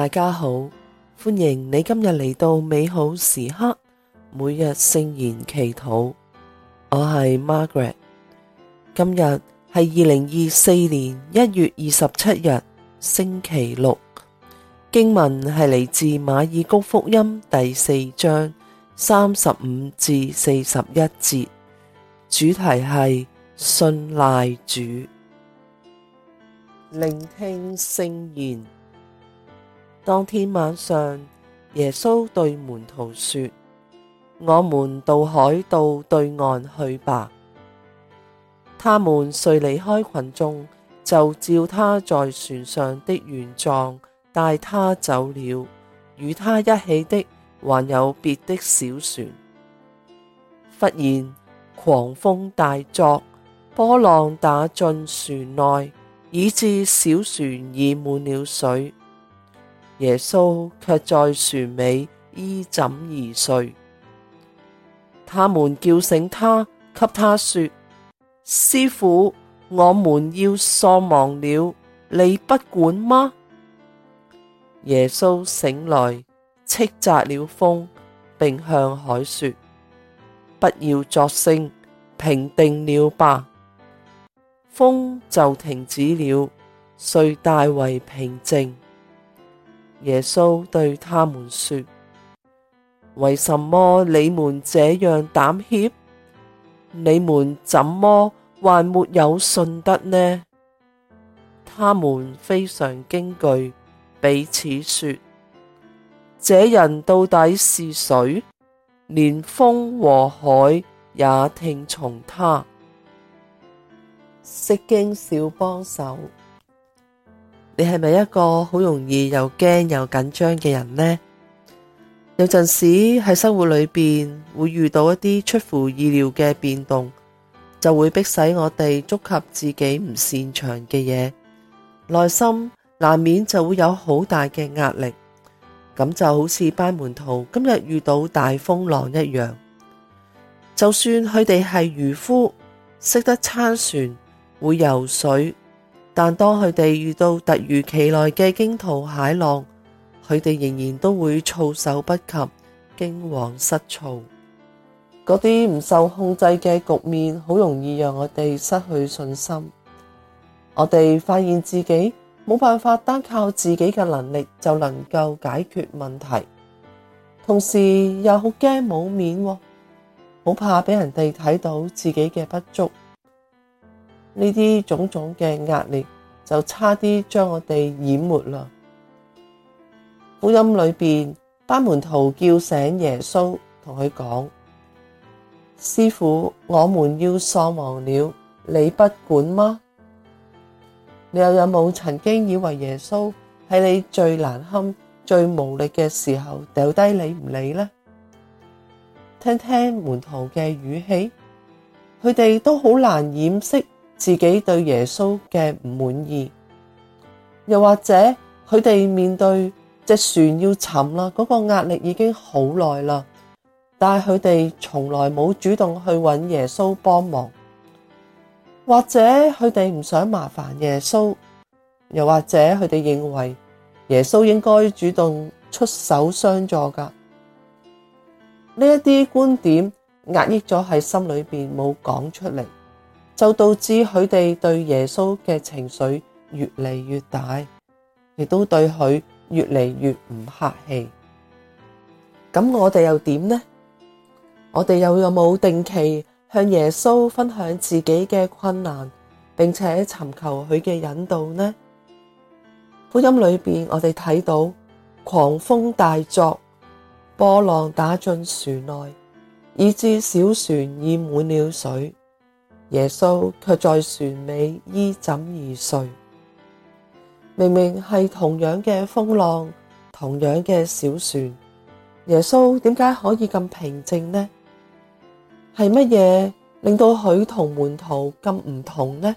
大家好，歡迎你今日嚟到美好時刻，每日聖言祈禱。我係 Margaret，今日係二零二四年一月二十七日星期六。經文係嚟自馬爾谷福音第四章三十五至四十一節，主題係信賴主。聆聽聖言。當天晚上，耶穌對門徒說：「我們渡海到對岸去罷。他們遂離開群眾，就照他在船上的原狀帶他走了。與他一起的還有別的小船。忽然狂風大作，波浪打進船內，以致小船已滿了水。耶穌卻在船尾依枕而睡，他們叫醒他，給他說：師傅，我們要喪亡了，你不管嗎？耶穌醒來，斥責了風，並向海說：不要作聲，平定了吧。風就停止了，遂大為平靜。耶穌對他們說：為什麼你們這樣膽怯？你們怎麼還沒有信德呢？他們非常驚懼，彼此說：這人到底是誰？連風和海也聽從他。釋經小幫手。你係咪一個好容易又驚又緊張嘅人呢？有陣時喺生活裏邊會遇到一啲出乎意料嘅變動，就會逼使我哋觸及自己唔擅長嘅嘢，內心難免就會有好大嘅壓力。咁就好似班門徒今日遇到大風浪一樣，就算佢哋係漁夫，識得撐船，會游水。但當佢哋遇到突如其來嘅驚濤駭浪，佢哋仍然都會措手不及、驚惶失措。嗰啲唔受控制嘅局面，好容易讓我哋失去信心。我哋發現自己冇辦法單靠自己嘅能力就能夠解決問題，同時又好驚冇面，好怕俾人哋睇到自己嘅不足。呢啲種種嘅壓力就差啲將我哋淹沒啦！福音裏邊，班門徒叫醒耶穌，同佢講：師傅，我們要喪亡了，你不管嗎？你又有冇曾經以為耶穌喺你最難堪、最無力嘅時候，掉低你唔理呢？聽聽門徒嘅語氣，佢哋都好難掩飾。自己對耶穌嘅唔滿意，又或者佢哋面對隻船要沉啦，嗰個壓力已經好耐啦，但係佢哋從來冇主動去揾耶穌幫忙，或者佢哋唔想麻煩耶穌，又或者佢哋認為耶穌應該主動出手相助噶，呢一啲觀點壓抑咗喺心裏邊，冇講出嚟，就導致佢哋對耶穌嘅情緒越嚟越大，亦都對佢越嚟越唔客氣。咁我哋又點呢？我哋又有冇定期向耶穌分享自己嘅困難，並且尋求佢嘅引導呢？福音裏邊我哋睇到狂風大作，波浪打進船內，以致小船已滿了水。耶穌卻在船尾依枕而睡，明明係同樣嘅風浪，同樣嘅小船，耶穌點解可以咁平靜呢？係乜嘢令到佢同門徒咁唔同呢？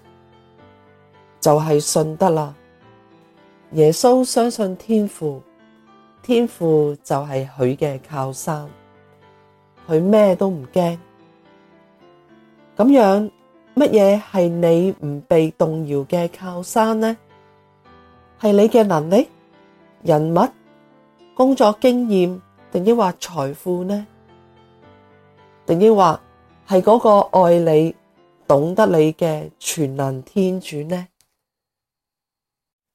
就係、是、信德啦。耶穌相信天父，天父就係佢嘅靠山，佢咩都唔驚，咁樣。乜嘢係你唔被動搖嘅靠山呢？係你嘅能力、人脈、工作經驗，定抑或財富呢？定抑或係嗰個愛你、懂得你嘅全能天主呢？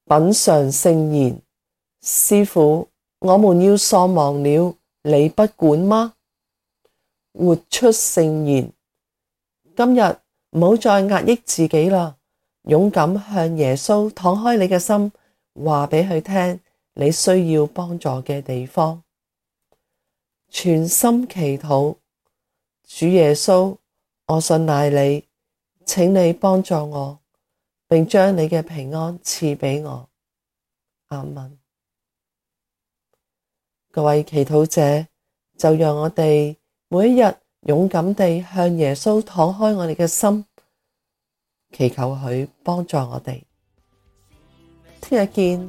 品嘗聖言，師傅，我們要喪亡了，你不管嗎？活出聖言，今日。唔好再壓抑自己啦，勇敢向耶穌敞開你嘅心，話俾佢聽你需要幫助嘅地方，全心祈禱，主耶穌，我信賴你，請你幫助我，並將你嘅平安賜俾我。阿門。各位祈禱者，就讓我哋每一日。勇敢地向耶穌敞開我哋嘅心，祈求佢幫助我哋。聽日見。